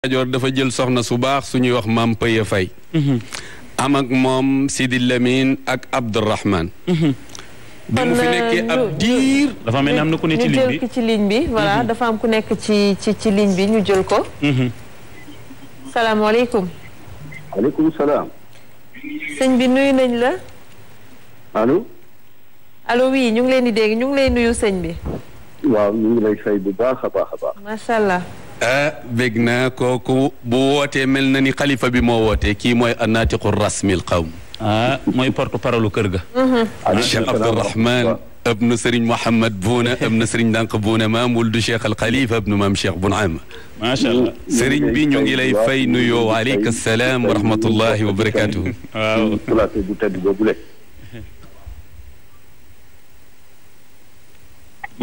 Kajoor dafa jël soxna su baax suñuy wax maam Paye Faye mhm. am ak moom Sidi Lamine ak Abdourahman mhm. bi mu fi ab euh, diir dafa mel ni am na ku ci ligne bi ñu mhm. dafa am ku nekk ci ci ci ligne bi ñu jël ko salaamaaleykum aleykum salaam sëñ bi nuyu nañ la allo allo ñu ngi leen di dégg ñu ngi lay nuyu sëñ bi waaw ñu ngi lay fay bu baax a baax a baax macha allah ah bég naa kooku bu wootee mel na ni xalifa bi moo wootee kii mooy annaatiqu rasmil qawm ah mooy porte parole u kër ga mhm. cheikh abdourahman ibnu sëriñ mouhamad buuna ibnu sëriñ dànq buuna maam wuldu cheikh alxalifa ibnu maam cheikh bun ama macha allah sëriñ bi ñu ngi lay fay nuyoo waaleyka salaam wa rahmatullahi wa barakatuhu waaw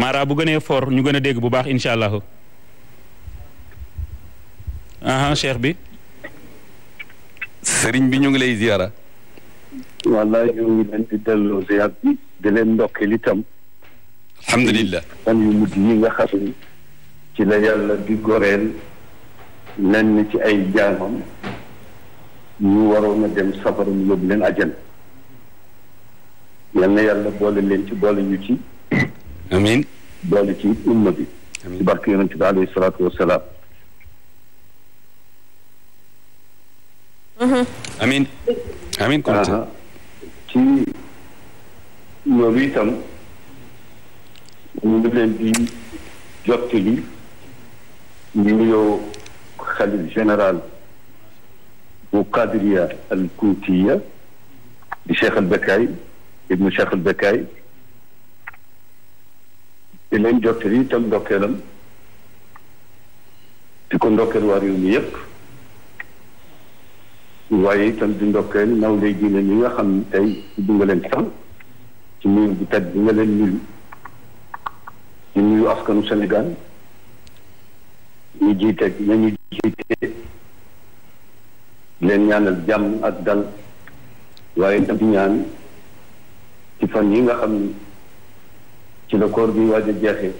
maara bu gënee fort ñu gën a dégg bu baax incha allah aha cheikh bi. sëriñ bi ñu ngi lay ziara. wallaay ñu ngi leen di delloo ziar bi di leen ndokkeel itam. alhamdulilah fan yu mujj yi nga xam ni ci la yàlla di goreel lenn ci ay jaamam ñu waroon a dem safaram yóbbu leen ajana yal na yàlla boole leen ci boole ñu ci. amiin boole ci umma bi. amiin ci barke yonent bi alayhi salaatu wa salaam. Uh-huh. amin amin Konte. ci ñoom itam ñu ngi leen di jottali ñu nuyoo xalif général bu Qadiriya al Kuntiya di Cheikh al Bekaay ibnu Cheikh al Bekaay di leen jottali itam ndokkeelam di ko ndokkeel waa réew waaye itam di ndokkeel naw lay diine ñi nga xam tey du nga leen sant ci nuyu bu tedd bi nga leen nuyu ñu nuyu askanu Sénégal ñu jiite nañu leen ñaanal jàmm ak dal waaye itam di ñaan ci fan yi nga xam ci la koor bi waaj a jeexee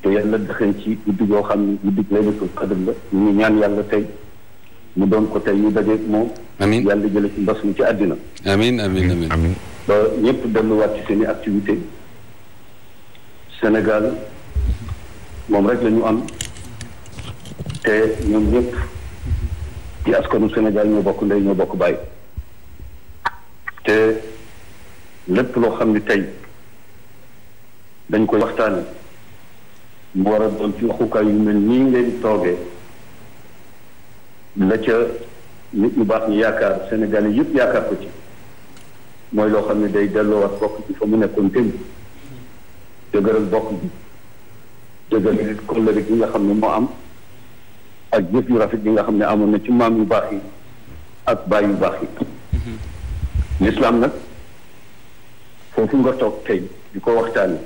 te yàlla dëxañ ci guddi goo xam ne guddi laylatul qadr la ñu ñaan yàlla tey mu doon ko tey ñu dajeeg moom. amiin yàlla jële ci mbas ci àddina. amiin amiin amiin amiin. ba ñëpp delluwaat ci seen i activité Sénégal moom rek la am te ñoom ñëpp ci askanu Sénégal ñoo bokk ndey ñoo bokk baay te lépp loo xam ni tey dañ koy waxtaane mu war a doon ci waxukaay yu mel nii ngeen toogee. la ca nit ñu baax ñu yaakaar Sénégal yi yëpp yaakaar ko ci mooy loo xam ne day delloowaat bokk bi fa mu nekkoon tënk dëgëral bokk bi dëgëral kóllëre gi nga xam ne moo am ak jëf yu rafet bi nga xam ne amoon na ci maam yu baax yi ak baay yu baax yi mm-hmm. lislaam nag foofu nga toog tey di ko waxtaani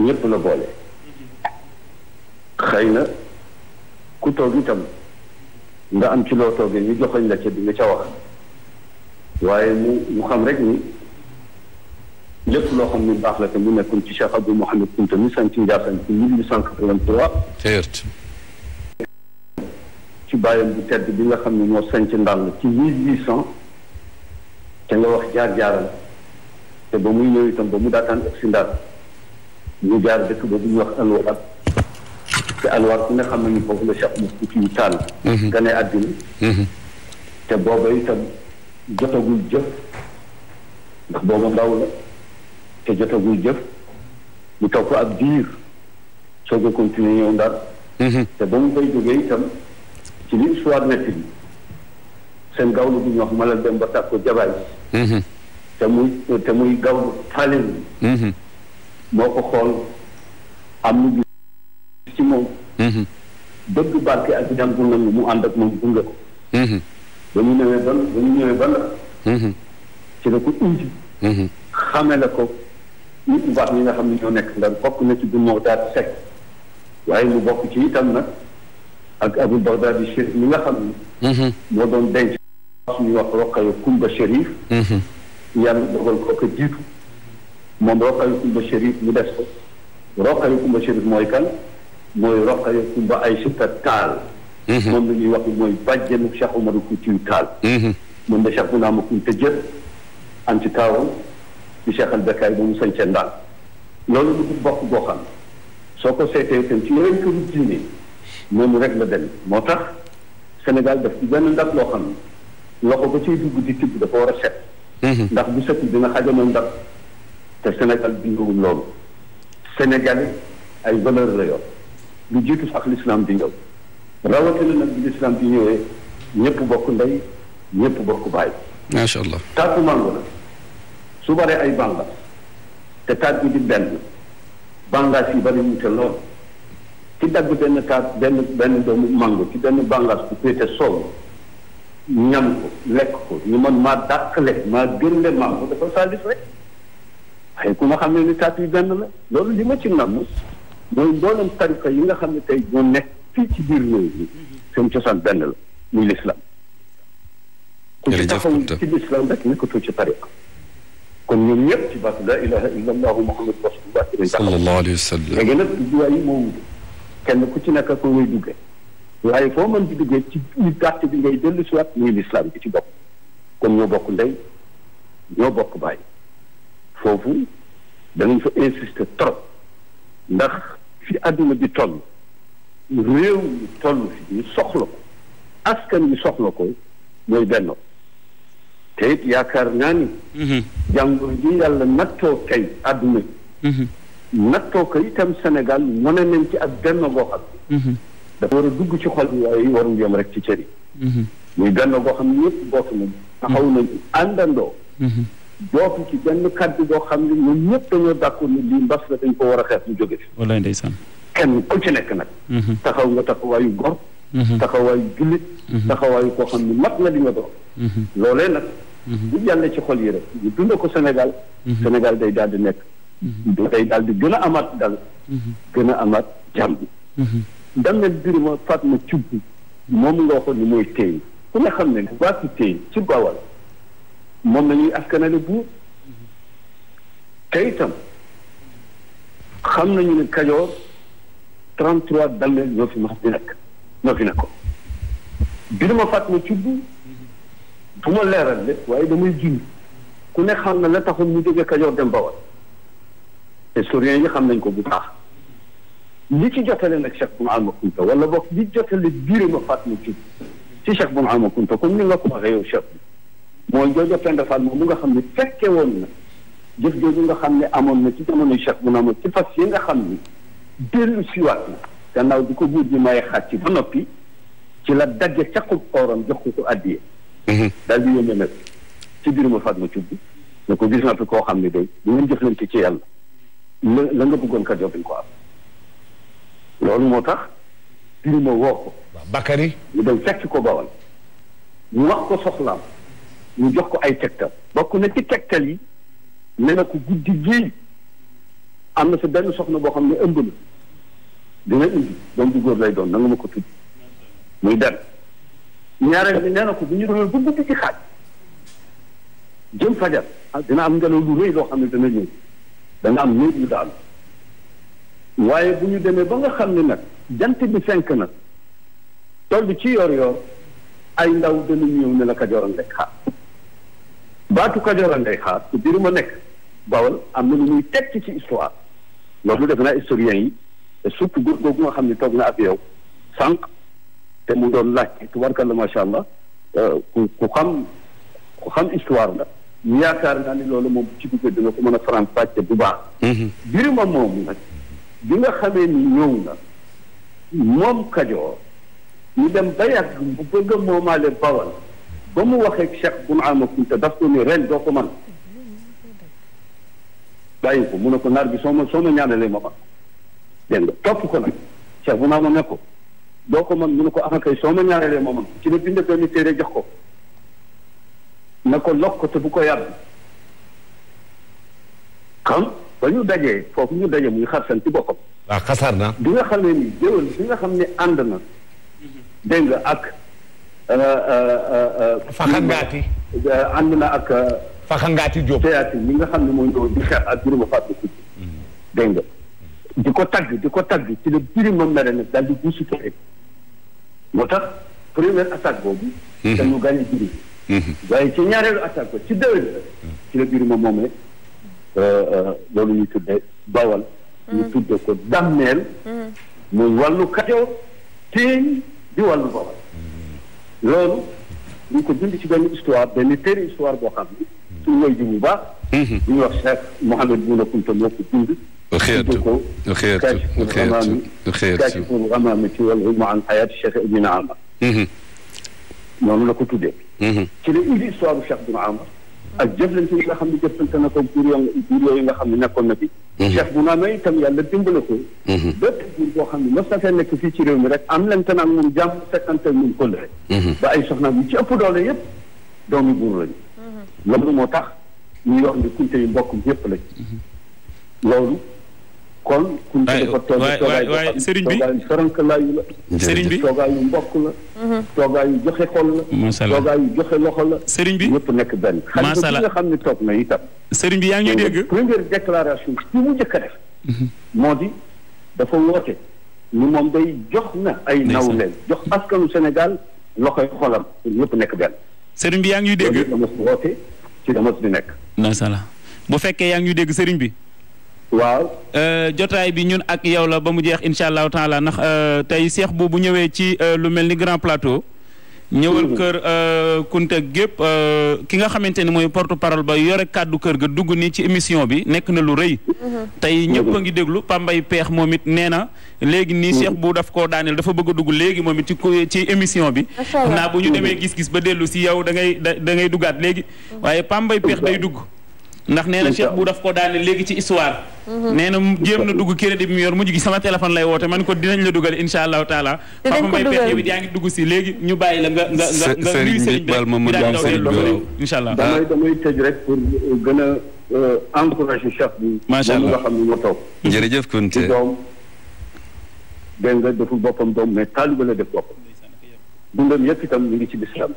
ñëpp la boole mm-hmm. xëy na ku toog itam nga am ci loo toogee ñu joxoñ la bi nga ca wax waaye mu mu xam rek ni lépp loo xam baax la te mu nekkoon ci Cheikh Abdou Mouhamed Kounta mi sant Ndiassane ci 1883. ci bàyyam bu tedd bi nga xam ne moo sanc ndàll ci 1800 te nga wax jaar-jaaral te ba mu ñëw itam ba mu daataan ak si ndaal ñu jaar dëkk boobu ñu wax alwaat ci alwaar bi nga xam ne ni foofu la Cheikh Moussa Foutiyou Tall. Mhm. gane àddina. Mhm. te booba itam jotagul jëf ndax booba ndaw la te jotagul jëf mu toog ab diir soog a continuer ñëw ndar. Mhm. te ba mu fay jógee itam ci li histoire nekk bi seen gawlu bu ñu wax malal dem ba tàkko jabaay. te muy te muy gawlu faaleen moo ko xool am dëgg barke ak ñaan bu nangu mu ànd ak moom gunge ko. Mhm. ba ñu ñëwee ban ba ñu ñëwee ban la. Mhm. ci la ko indi. Mhm. xame la ko nit bu baax ñi nga xam ne ñoo nekk ndax bokk na ci gunóor daal di teg waaye mu bokk ci itam nag ak Abou Bagdadi Chérif mi nga xam ni. moo doon denc suñuy wax Roqayo Kumba Chérif. yàlla dogal ko ko jiitu moom Roqayo Kumba Chérif mu des ko Roqayo Kumba Chérif mooy kan. mooy Rokhaya Kumba ay suta taal mm-hmm. moom la ñuy wax mooy bàjjenu Cheikh Oumar Foutiyou Tall mm-hmm. moom la Cheikh Mounama Kounta jël am ci taawam di Cheikh al Bekaay ba mu sañce loolu du bokk boo xam soo ko seetee itam ci yeneen këru diine noonu rek la dem moo tax Sénégal daf ci benn ndab loo xam loo ko ba ciy dugg di tibb dafa war a set mm-hmm. ndax bu set dina xajamal ndab senegal Sénégal bindawul loolu Sénégal ay valeur la yor lu jiitu sax lislaam di ñëw rawatina nag bi lislaam di ñëwee ñëpp bokk ndey ñëpp bokk bàyyi. macha allah taatu mango la su baree ay bàngaas te taat bi di benn bàngaas yi bari ñu te lool ci dagg benn taat benn benn doomu mango ci benn bàngaas bu féete soow ñam ko lekk ko ñu man maa dàqale maa gën le mango dafa saalis rek waaye ku ma xam ne ni taat yi benn la loolu li ma ci nam mooy mboolem tariqa yi nga xam ne tey ñoo nekk fii ci biir réew mi seen cosaan benn la muy l'islam ku ci taxaw ci ko rek ci tariqa kon ñoom ñëpp ci baatu laa ilaha illa allahu muhammadu rasulullah ci kenn ku ci nekk ak ngay duggee waaye foo mën di duggee ci gàtt bi ngay dellu si waat muy l'islam bi ci bopp kon ñoo bokk ndey ñoo bokk bàyyi foofu danañ fa insister trop ndax fi àdduna bi toll réew mi toll fi ñu soxla ko askan wi soxla ko mooy benn te it yaakaar naa ni mhm. jàngoro ji yàlla nattoo tey àdduna bi mhm. nattoo ko itam Sénégal mone nañ ci ak benn boo xam mhm. dafa war a dugg ci xol yi waaye warul yem rek ci cër yi muy benn boo xam ne ñëpp bokk nañ taxaw nañ àndandoo dootu ci benn kàddu boo xam ne ñoom ñëpp dañoo dàkku ni lii mbas la dañ ko war a xeex ñu jóge fi. wallaay ndeysaan. kenn ku ci nekk nag. Mm-hmm. taxaw nga taxawaayu góor. Mm-hmm. taxawaayu jullit. Mm-hmm. taxawaayu koo xam ne mat na li nga doon. loolee nag. bu jàllee ci xol yi rek ñu ko Sénégal. Sénégal day daal di nekk. day daal di gën a amaat dal. gën a amaat jàmm. Damel Birima Fatma Thioub moom nga waxoon ni mooy téy ku ne xam ne waa ci téy ci bawal. moom la ñuy askanale buur te itam xam nañu ne Kajoor 33 dammeel ñoo fi mas di nekk ñoo fi nekkoon dina ma fàtt ma cubb bu ma leeral lépp waaye damay ji ku ne xam na la taxoon mu jóge Kajoor dem Bawol historiens yi xam nañ ko bu baax li ci jotale nag Cheikh Boun Alma Kounta wala boog li jotale biir ma fàtt ma cubb ci Cheikh Boun Alma Kounta comme ni nga ko waxee yow Cheikh mooy Ndiobia Penda Fall moom nga xam ne fekke woon na jëf jooju nga xam ne amoon na ci jamono Cheikh mu amoon ci fas yi nga xam ni dellu siwaat na gannaaw bi ko buur bi may xàcc ba noppi ci la dagge caqub kooram jox ko ko addiye mhm. daal di yónnee nag ci biir ma Fatma Cubb ne ko gis naa fi koo xam ne day bu ngeen jëflante ci yàlla la la nga bëggoon kat yow dañ ko am loolu moo tax birima woo ko Bakari ñu dem fekk ko bawal ñu wax ko soxlaam ñu jox ko ay tegtal bokk na ci tegtal yi ne na ko guddi gii am na si benn soxna boo xam ne ëmb na dina indi doom bu góor lay doon nanga ma ko tudd muy dem ñaareel bi nee ko bu ñu demee bu guddi ci xaaj jëm fajar ah, dina am ngelaw lu rëy loo xam ne dana ñëw dana am néeg yu daal waaye bu ñu demee ba nga xam ne nag jant bi fenk na toll ci yor-yor ay ndaw dana ñëw ne la ka jooroon lekk baatu Kajoor ngay xaar te biruma nekk bawal am na lu muy tekki ci histoire loolu def na historien yi te surtout googu nga xam ni toog na ak yow sànq te mu doon laajte tubarkalla macha allah euh, ku xam ku xam histoire la ñu yaakaar naa loolu moom ci dugg dina ko mën a faram fàcce bu baax. Mm-hmm. biruma moom nag bi nga xamee ni ñëw na moom Kajoor ñu dem ba yàgg bu bëgg a moomaale bawal. ba mu waxee Cheikh Boun Ama Fouta daf ko ren doo ko man bàyyi ko mu ne ko naar bi soo ma soo ma ñaanalee ma man dégg topp ko nag Cheikh Boun Ama ne ko doo ko man mu ne ko a ah kay soo ma ñaanalee ma man ci la bind benn téere jox ko na ko lokk ko te bu ko yàgg xam ba ñu dajee foofu ñu daje muy xarsan ci boppam. waaw xasaar naa. bi nga xam ne nii nga xam ne ànd na. Mm-hmm. nga ak. Euh, euh, euh, Faxangaati. ànd na ak. Faxangaati Diop. théâtre yi nga xam ne mooy ñëw di xeex ak Birima Fatou Koutié. dégg nga di ko tagg di ko tagg ci la Birima mere nag daal di guusu tere. moo tax première attaque mhm. mhm. ci ñaareelu attaque ci déwén la. ci la Birima moomee loolu ñu tuddee bawal. Mhm. ñu tuddee ko dammeel. muy wàllu Kajoor. teeñ di wàllu bawal. loolu ñu ko bind ci benn histoire benn téere histoire bo xam ne suñu way ji bu baax mhm. bu ñuy wax Cheikh Mouhamed Bouna Kounta moo ko bind xeetu xeetu xeetu xeetu Kaashiful Ghamaami wal ilmu an hayaati Cheikh Ibn Amar mhm. noonu la ko tuddee mhm. ci la indi histoire bu Cheikh Ibn ak jëflante yi nga xam ne jëflante na ko jur yooyu nga xam ne nekkoon na fi. Mhm. Cheikh Bounama itam yàlla dimbale ko. Mhm. bépp jur boo xam ne mos na fee nekk fii ci réew mi rek am lente naag moom jàmm fekkante ak moom rek. Mhm. ba ay soxnaam yu ci ëpp doole yëpp doomi buur lañu. loolu moo tax ñu yor ni kunte yi mbokk yëpp lañ. loolu. kon. waay waay waay waay sëriñ bi toogaay farankalaayu la. sëriñ bi toogaayu mbokk la. Mhm. toogaayu joxe xol la. macha allah toogaayu joxe loxo la. sëriñ bi ñëpp nekk benn. macha allah xalifa nga xam ne toog na itam. sëriñ bi yaa ngi ñuy dégg. première déclaration bi mu njëkk a mhm. moo di dafa woote. ni moom day jox na ay nawleen jox askanu Sénégal loxoy xolam. ñëpp nekk benn. sëriñ bi yaa ngi ñuy dégg. loolu dama woote ci dama si nekk. macha bu fekkee yaa ngi dégg sëriñ bi. waaw. Euh, jotaay bi ñun ak yow la ba mu jeex incha allahu taala ndax euh, tey seex bu bu ñëwee ci euh, lu mel ni grand plateau. ñëwal mm-hmm. kër Kunta gépp ki nga xamante ni mooy porte parole ba yore kàddu kër ga dugg nii ci émission bi nekk na lu rëy. Mm-hmm. tey mm-hmm. ñëpp ngi déglu Pambay Peex moom it nee na. léegi nii Cheikh bu daf koo daaneel dafa bëgg dugg léegi moom it ci ci émission bi. naa bu ñu demee gis-gis ba dellu si yow dangay ngay da ngay duggaat léegi. waaye Pambay Peex day dugg. ndax nee na Cheikh bu daf ko daane léegi ci histoire mhm. nee na jéem na dugg crédit bi mu yor mujj gi sama téléphone lay woote man ko dinañ la dugal insha allahu taala papa may ngi dugg si léegi ñu bàyyi la nga nga nga nga nuyu sëriñ bi bi daal daw dee insha allah damay damay rek pour gën a euh, encouragé Cheikh bi macha allah nga xam ne toog jërëjëf Kunte doom dégg nga deful boppam doom mais taaliba la def boppam dundam yëpp itam mi ngi ci lislaam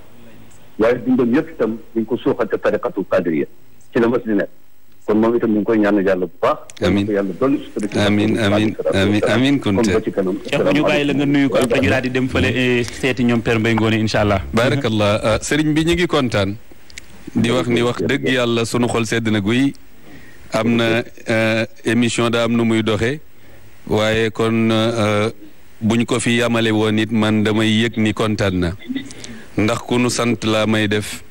waaye dundam yëpp itam mi ngi ko suuxante tariqatu qadriya ci la mos di nekk kon yàlla bu baax. di dem fële eh, ñoom Père Mbaye Ngoné incha allah. barakallah ah, sëriñ bi ñu ngi kontaan. di wax ni wax dëgg yàlla sunu xol sedd na guy. am na eh, émission daa am nu muy doxe waaye kon eh, buñ ko fi yamale woon it man damay yëg ni kontaan na. ndax ku nu sant laa may def.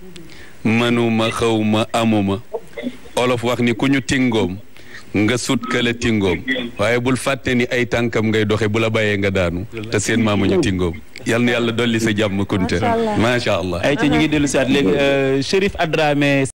manuma xawma amuma. olof wax ni ku ñu tingoom nga sut kala tingoom waaye bul fàtte ni ay tànkam ngay doxe bu la bàyyee nga daanu te seen maamu ñu tingoom yal na yàlla dolli sa jàmm kunte macha allah ay ci ñu ngi dellu si at léegi euh, Chérif Adramé